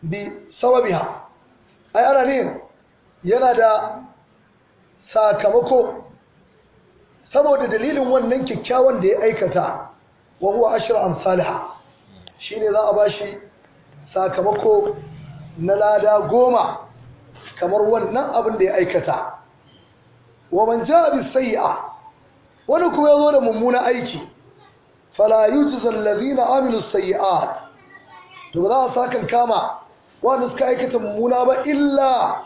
bi sawabiha ai ana ne yana da sakamako saboda dalilin wannan kyakkyawan da ya aikata wa huwa ashir amsalha shine za a bashi sakamako na lada goma kamar wannan abin da ya aikata wa man jaa bis sayyi'a wani kuma yazo da mummuna aiki fala yujzal ladina amilu sayyi'at to ba za a sakan kama wanda suka aikata mummuna ba illa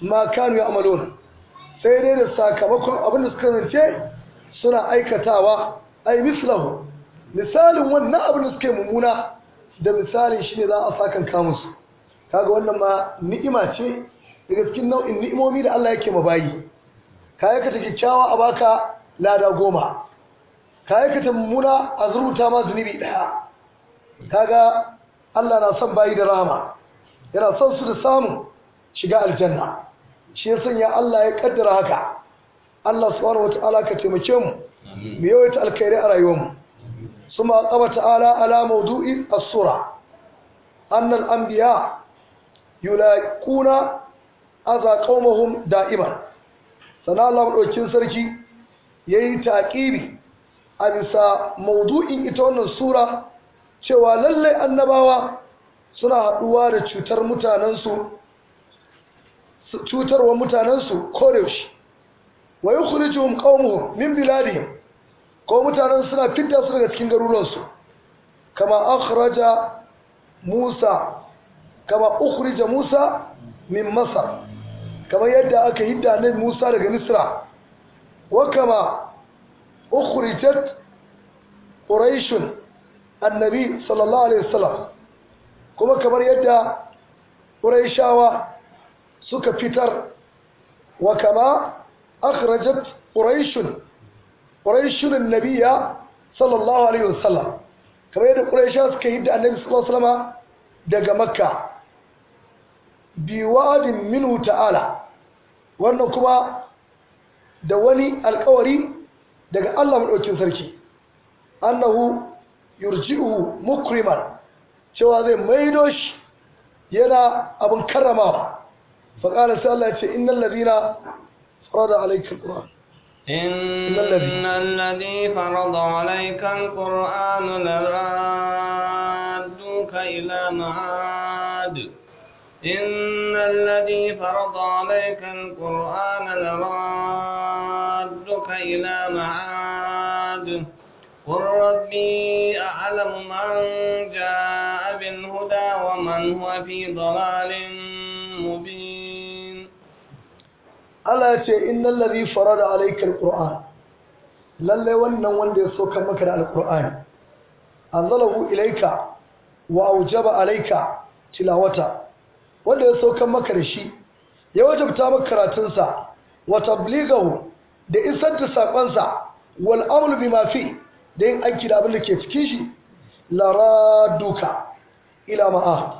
ma kanu amalon sai dai da sakamakon abin da suka zance suna aikatawa ai mislahu misalin wannan abin da suka yi mummuna da misalin shi ne za a sakan kamusu kaga wannan ma ni'ima ce daga cikin nau'in ni'imomi da Allah yake mabayi ka aikata kyakkyawa a baka lada goma ka aikata mummuna a zuruta ma zunubi daya kaga Allah na son bayi da rahama yana son su da samun shiga aljanna shi ya sanya Allah ya kaddara haka Allah subhanahu wataala ka taimake mu mu yawaita alkhairi a rayuwar mu suma qaba ta'ala ala mawdu'i as-sura أن anbiya يلاقون أذى قومهم da'iman sana الله sarki ya yayi taqibi a bisa maudu'in ita wannan sura cewa lallai annabawa suna haduwa da cutar mutanensu cutarwa mutanensu koreoshi wa yi kurijuhun ƙaunuhun min biladihim ko mutanen suna fidda su daga cikin garuruwansu kama akhraja musa kama ukhrija musa min masar kama yadda aka hidda nan musa daga misra wa kama ukhrijat quraishun annabi sallallahu alaihi wasallam kuma kamar yadda ƙuraishawa suka fitar wa kama akhrajat ƙuraishun ƙuraishunin nabiya sallallahu alaihi wasallam kamar yadda ƙuraishawa suka yi da annabi sallallahu alaihi wasallam daga makka biwadin minhu ta'ala wannan kuma da wani alkawari daga Allah maɗaukin sarki annahu Yurjiu mukriman cewa zai maido shi yana abin karramawa faƙala sai Allah ya ce innal ladina farada alayka alquran innal ladhi farada alayka alquran laradduka ila ma'ad إن الذي فرض عليك القرآن لرادك إلى معاد قل ربي أعلم من جاء بالهدى ومن هو في ضلال مبين Allah ya ce inna allazi farada alayka alquran lallai wannan wanda ya soka maka da alquran anzalahu ilayka wa awjaba alayka tilawata wanda ya soka maka da shi ya wajabta maka karatunsa wa tablighahu da isar da sakonsa wal amru bima fihi da yin aiki da abin da ke cikin shi lara duka ila ma'a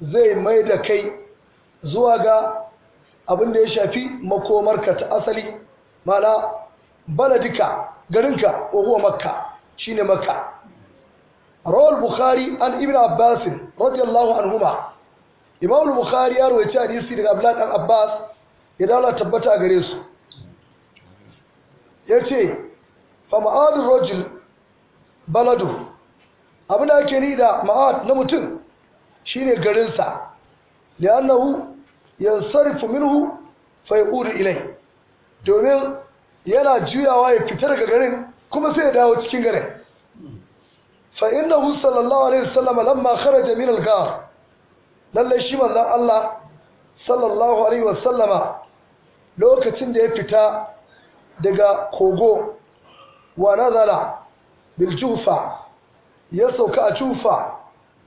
zai mai da kai zuwa ga abin da ya shafi makomarka ta asali mana baladika garinka wa huwa makka ne makka rawar bukhari an ibn abbasin radiyallahu anhuma imam bukhari ya a hadisi daga abdullahi dan abbas ya dala tabbata gare su ce fa rojil baladu abin da ake ni da ma'ad na mutum shi ne garinsa ya nahu yansarifu minhu fa ilai domin yana juyawa ya fita daga garin kuma sai ya dawo cikin garin fa hu sallallahu alaihi wasallam lamma kara min al lallai shi manzon Allah sallallahu alaihi wasallama lokacin da ya fita daga kogo ونزل بالجوفة يسوك أجوفة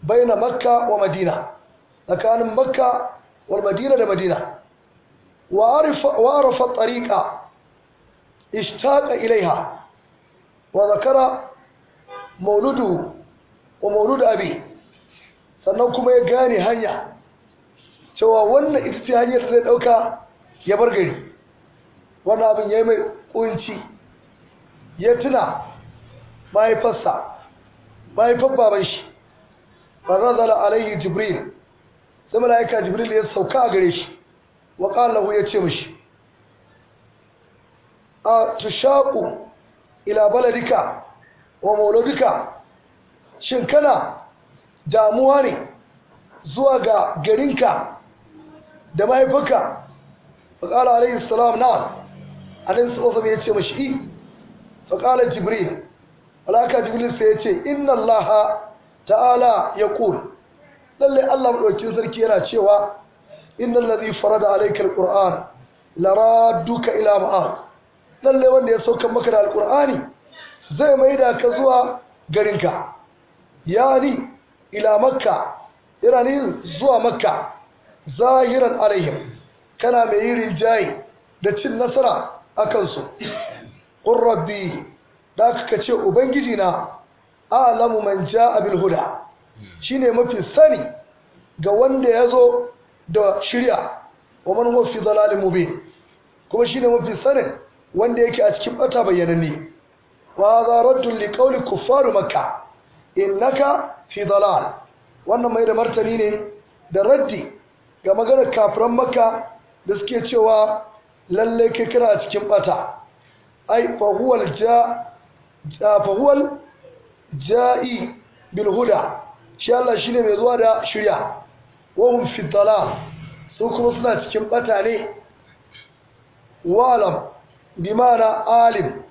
بين مكة ومدينة لكان مكة والمدينة لمدينة وعرف, وعرف الطريقة اشتاق إليها وذكر مولده ومولود أبي سنوكم يقاني ya سوى ون cewa wannan ita ce hanyar da zai ɗauka ya tuna mahaifarsa mahaifar baban shi farazala alaihi jibril sai mala'ika jibril ya sauka a gare shi wa qalahu ya ce mishi a tushaqu ila baladika wa mauludika shin kana damuwa ne zuwa ga garinka da mahaifarka fa qala alaihi salam na alaihi salam ya ce mashi faƙalar jibril alaka jibril sai ya ce inna allaha ta'ala ya ƙul lalle allah maɗaukin sarki yana cewa inna lazi fara da alaikar ƙur'an lara duka ila ma'a lalle wanda ya saukan maka da alƙur'ani zai mai da ka zuwa garinka yani ila makka yana ni zuwa makka zahiran alaihim kana mai yi rinjaye da cin nasara a kansu qur rabbi da ka ce ubangiji na a'lamu man a bil huda shine mafi sani ga wanda ya zo da shirya wa man huwa zalalin mube kuma kuma shine mafi sani wanda yake a cikin bata bayyananne wa hadha raddun li qawli maka in innaka fi dalal wannan mai da martani ne da raddi ga maganar kafiran maka da suke cewa lallai kai kira a cikin bata ai fahuwal ja fahuwal ja'i bil huda shi Allah shine mai zuwa da shirya wa hum fi dalal su kuma suna cikin bata ne wa'lam bi ma'ana alim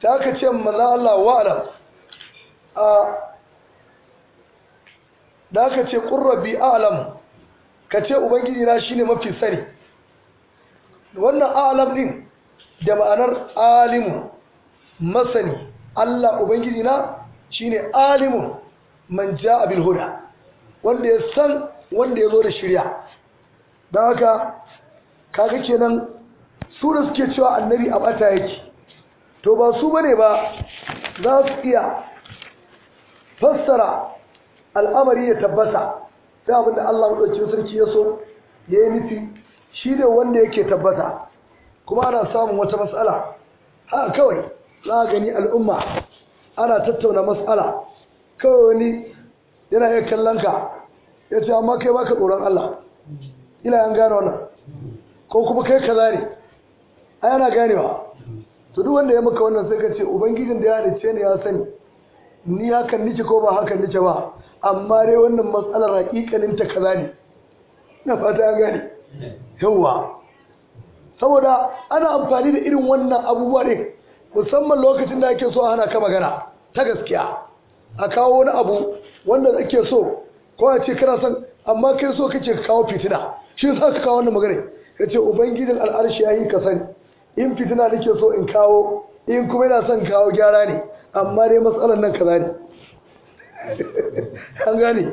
ta ka ce manzo Allah wa'lam a da ka ce qurrabi a'lam ka ce ubangiji na shine mafi sani wannan alam din da ma'anar alimu masani Allah ubangiji na ne alimu man ja bil huda wanda ya san wanda ya zo da shirya don haka kaga kenan su da suke cewa annabi a bata yake to ba su bane ba za su iya fassara al'amari ya tabbata ta abinda Allah maɗauki sarki ya so ya yi nufi shi ne wanda yake tabbata kuma ana samun wata matsala ha kawai za gani al'umma ana tattauna matsala kawai wani yana iya kallon ka ya ce amma kai baka tsoron Allah ina yan gane nan ko kuma kai kaza ne ai ana ganewa to duk wanda ya maka wannan sai ka ce ubangijin da ya halicce ne ya sani ni hakan nike ko ba hakan nike ba amma dai wannan matsalar hakikalin ta kaza ne na fata an gane yawa saboda ana amfani da irin wannan abubuwa ne musamman lokacin da ake so a hana ka magana ta gaskiya a kawo wani abu wanda ake so ko a ce kana son amma kai so kake kawo fitina shi za ka kawo wannan magana ka ce ubangijin al'arshi ya yi ka sani in fitina nake so in kawo in kuma yana son kawo gyara ne amma dai matsalar nan kaza ne an gane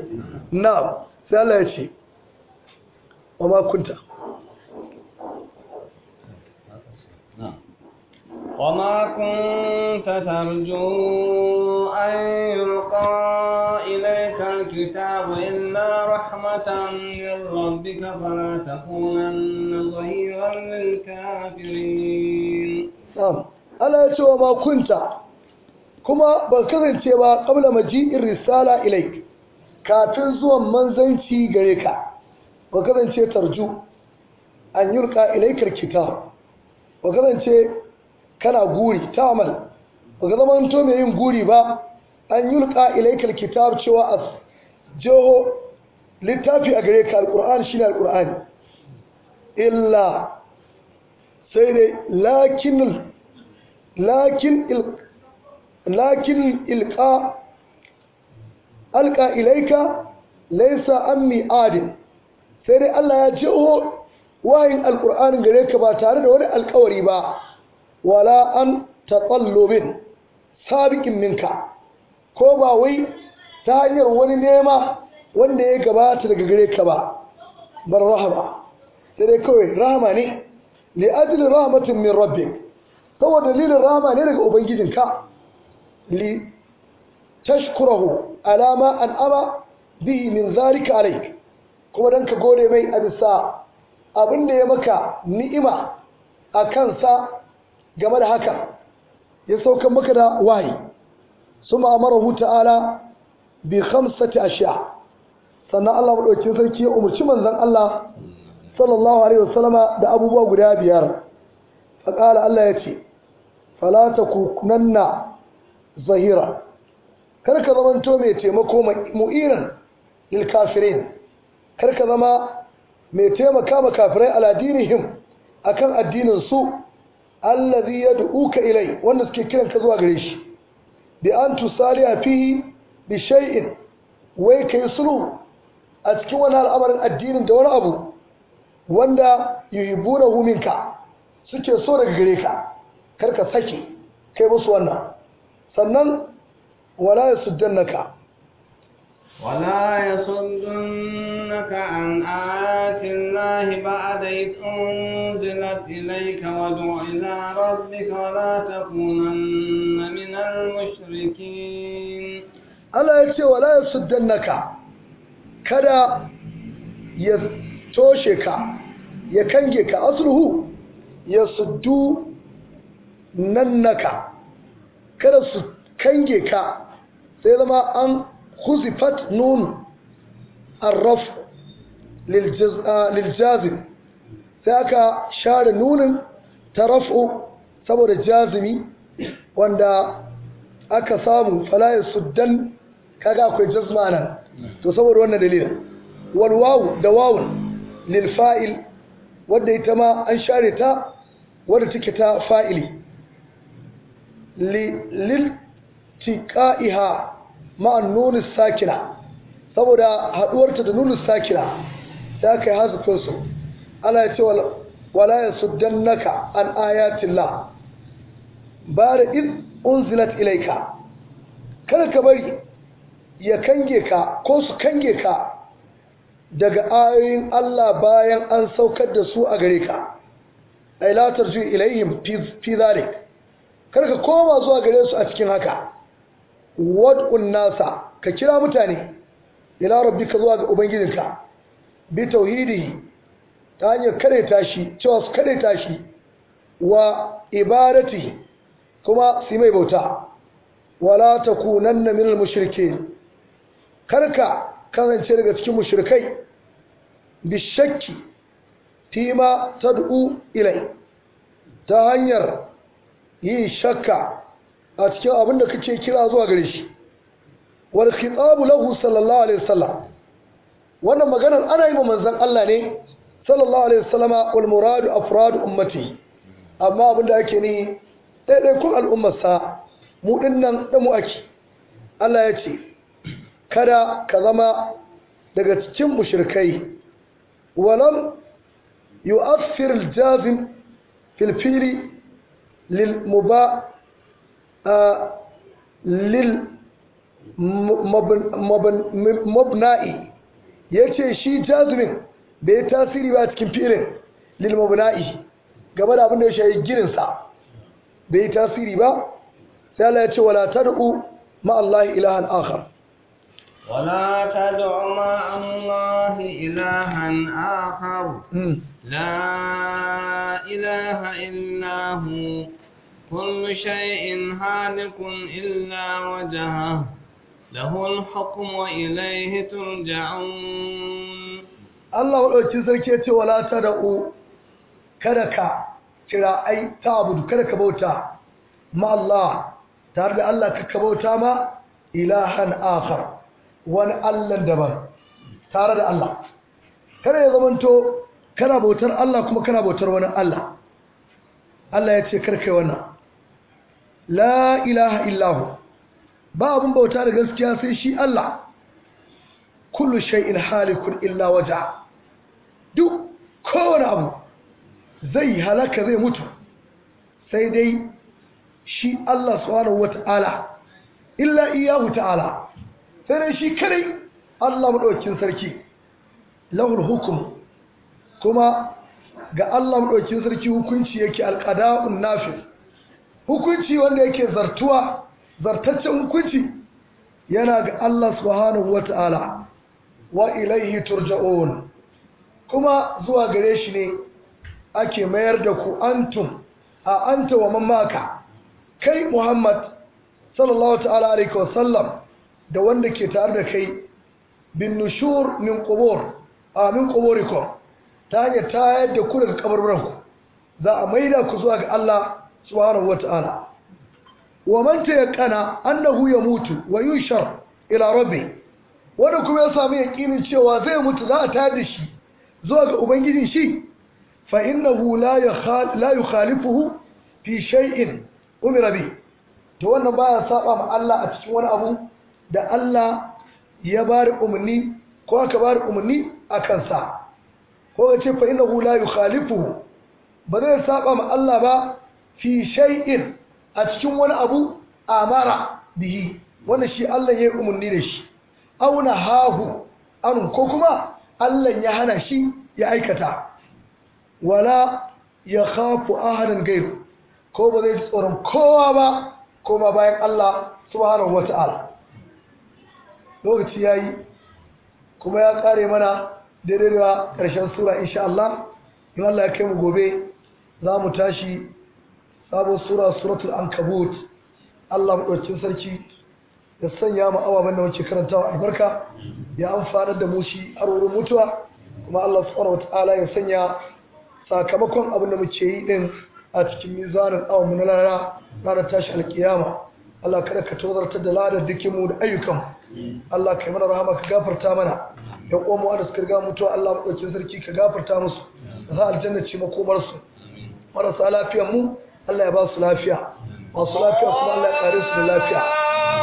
na sai Allah ya ce wa ma وما كنت ترجو أن يلقى إليك الكتاب إلا رحمة من ربك فلا تكونن ظهيرا للكافرين نعم ألا يتوى ما كنت كما بكثن تيبا قبل مجيء الرسالة إليك كافر زوى منزنتي غريكا بكثن تيترجو أن يلقى إليك الكتاب ba kasance kana guri ta amal ba ka zama to mai yin guri ba an yulka ilaikar kitab cewa a jeho littafi a gare ka alkur'an shine alkur'ani illa sai dai lakin lakin lakin ilka alka ilaika laisa an mi'adin sai dai Allah ya jeho wayin alƙur'anin gare ka ba tare da wani alƙawari ba wala an taɓallobin sabikin minka ko ba wai ta hanyar wani nema wanda ya gabata daga gare ka ba bar rahama sai dai kawai rahama ne li ajli rahmatin min rabbik saboda dalilin rahama ne daga ubangijinka li tashkurahu alama an'ama bihi min zalika alayk kuma dan ka gode mai a bisa abin da ya maka ni'ima a kansa game da haka ya sauka maka da wahayi suma amarahu ta'ala bi khamsati ashiya sannan Allah madaukakin sarki ya umarci manzon Allah sallallahu alaihi wasallama da abubuwa guda biyar faqala Allah ya ce fala takunanna zahira kar ka zamanto mai taimako mu'inan lil kafirin kar ka zama mai taimaka ma kafirai ala dinihim akan addinin su allazi duuka ilai wanda suke kiran ka zuwa gare shi bi an tusaliha fihi bi shay'in wai kai sulhu a cikin wani al'amarin addinin da wani abu wanda yuhibbunahu huminka suke so daga gare ka karka sake kai musu wannan sannan wala yasuddannaka wala yasuddannaka يسألونك عن آيات الله بعد إذ أنزلت إليك وادع إلى ربك ولا تكونن من المشركين Allah ya ce wala yasuddannaka kada ya toshe ka ya kange ka asluhu ya suddu nannaka kada kange ka sai zama an huzifat nun arraf liljazim sai aka share nunin ta raf'u saboda jazimi wanda aka samu falaye suddan kaga akwai jazma nan to saboda wannan dalilin walwawu da wawun lilfa'il wadda ita ma an share ta wadda take ta fa'ili lil tiqa'iha ma'an nunin sakina saboda haduwarta da nunin sakina da aka yi hazafin su Allah ya ce wala ya su naka an ayatillah ba da in unzilat ilaika kada ka bari ya kange ka ko su kange ka daga ayoyin Allah bayan an saukar da su a gare ka ay la tarju ilayhim fi zalik kada ka koma zuwa gare su a cikin haka wad'un nasa ka kira mutane ila rabbika zuwa ga ubangijinka bi tauhidihi ta hanyar kareta shi cewa su kareta shi wa ibadati kuma su mai bauta wala takunanna minal mushrikin karka kasance daga cikin mushrikai bishakki tima, tad'u ilai ta hanyar yi shakka a cikin abinda da kake kira zuwa gare shi wal khitabu lahu sallallahu alaihi wasallam wannan maganar ana yi wa manzan Allah ne sallallahu alaihi wasallama wal muradu afradu ummati amma abin da ake ni ɗaiɗaikun al'ummarsa mu dinnan da mu ake Allah ya ce kada ka zama daga cikin mushrikai walam yu'affir al-jazim fil fili lil muba lil mabna'i ya ce shi jazumin bai tasiri ba cikin filin lilmabna'i game da abin da ya shayi girinsa, bai tasiri ba sai Allah ya ce wala tad'u ma Allah ilahan akhar ولا تدع مع الله ilahan آخر hmm. La ilaha illahu هو كل شيء illa إلا له الحكم وإليه ترجعون الله ولكن سركيتي ولا تدعو كركا kira ai ta abudu kada ka bauta da Allah wani Allah daban tare ya zamanto kana bautar Allah kuma kana bautar wani Allah Allah ya ce wannan la ilaha illahu ba abin bauta da gaskiya sai shi Allah kullu shay'in halikun illa waja duk kowane abu zai halaka zai mutu sai dai shi Allah subhanahu wata'ala illa iyahu ta'ala sai dai shi kadai Allah madaukakin sarki lahul kuma ga Allah madaukakin sarki hukunci yake alqada'un nafi hukunci wanda yake zartuwa zartaccen hukunci yana ga Allah subhanahu wata'ala wa ilaihi turja'un kuma zuwa gare shi ne ake mayar da ku antum a anta wa mamaka kai Muhammad sallallahu ta'ala alaihi wa da wanda ke tare da kai bin nushur min qubur a min quburikum ta hanyar tayar da ku daga kabarbaranku za a maida ku zuwa ga Allah subhanahu wata'ala wa man tayaqqana annahu mutu wa yushar ila rabbi wanda kuma ya sami yaƙinin cewa zai mutu za a tada shi zuwa ga ubangijin shi fa innahu la yakhal la yukhalifuhu fi shay'in bi wannan baya saba ma Allah a cikin wani abu da Allah ya bari umarni ko aka bari umarni a kansa ko ga ce fa hu la yukhalifuhu ba zai saba ma Allah ba fi shay'in a cikin wani abu a amara bihi wanda shi Allah ya yi umarni da shi auna hahu anu ko kuma Allah ya hana shi ya aikata wala ya khafu ahadan gairu ko ba zai tsoron kowa ba koma bayan Allah subhanahu wata'ala lokaci ya yi kuma ya kare mana daidai da ƙarshen sura insha Allah in Allah ya kai mu gobe za mu tashi sabon sura suratul ankabut Allah maɗaukin sarki ya sanya mu ababen da muke karantawa albarka ya amfanar da mu shi har wurin mutuwa kuma Allah subhanahu wataala ya sanya sakamakon abin da muke yi din a cikin mizanin awa mu na rana ranar tashi alkiyama Allah kada ka tozartar da ladar dukinmu mu da ayyukan Allah kai mana rahama ka gafarta mana ya komo da suka riga mutuwa Allah maɗaukin sarki ka gafarta musu za aljanna ce makomar su marasa lafiyan mu Allah ya ba su lafiya masu lafiya kuma Allah ya su da lafiya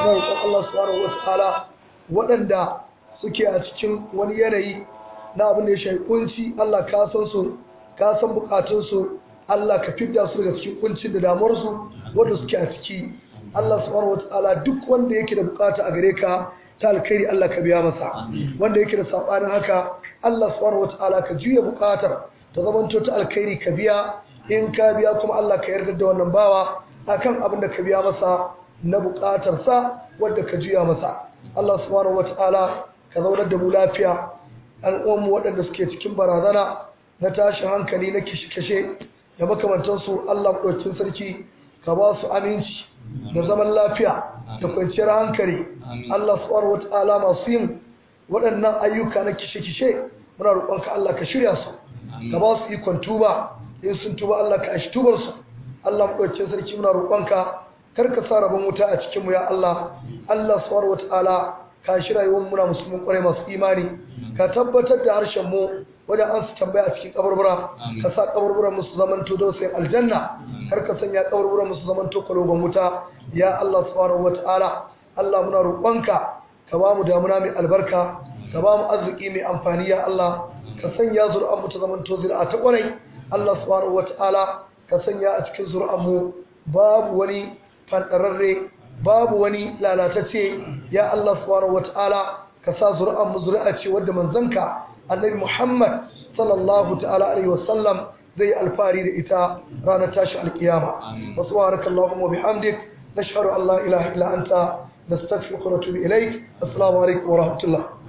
ina roƙon Allah subhanahu wataala waɗanda suke a cikin wani yanayi na abin da ya shafi kunci Allah ka san su ka san bukatun su Allah ka fidda su daga cikin ƙuncin da damuwar su wanda suke a ciki Allah subhanahu wataala duk wanda yake da bukata a gare ka ta alkhairi Allah ka biya masa wanda yake da saɓanin haka Allah subhanahu wataala ka juya bukatar ta zamanto ta alkhairi ka biya in ka biya kuma Allah ka yarda da wannan bawa akan abin da ka biya masa na sa wadda ka juya masa Allah subhanahu wata'ala ka zaunar da mu lafiya an mu waɗanda suke cikin barazana na tashin hankali na kishe-kishe da makamantansu Allah ɗaukin sarki ka ba su aminci da zaman lafiya da kwanciyar hankali Allah subhanahu wata'ala masu yin waɗannan ayyuka na kishe-kishe muna roƙonka Allah ka shirya su ka ba su ikon tuba in sun tuba Allah ka ashi tubarsu Allah maɗaukin sarki muna roƙonka kar ka sa rabon wuta a cikinmu ya Allah Allah subhanahu wataala ka shi rayuwar muna musulmin kwarai masu imani ka tabbatar da harshen mu wajen an su tambaya a cikin kaburbura ka sa kaburburan musu zamanto dausayin aljanna kar ka sanya kaburburan musu zamanto kwaloban wuta ya Allah subhanahu wataala Allah muna roƙonka ka ba mu damuna mai albarka ka ba mu arziki mai amfani ya Allah ka sanya zuri'an mu ta zamanto zira'a ta kwarai. Allah subhanahu wata'ala ka sanya a cikin zuri'anmu babu wani fandararre babu wani lalatacce ya Allah subhanahu wata'ala ka sa zuri'anmu zuri'a ce wadda manzanka annabi Muhammad sallallahu ta'ala alaihi alfahari zai alfari da ita ranar tashi alkiyama wa subhanakallahumma wa bihamdik nashhadu an la ilaha illa anta nastaghfiruka wa natubu ilaik assalamu alaikum wa rahmatullah